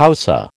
Hausa.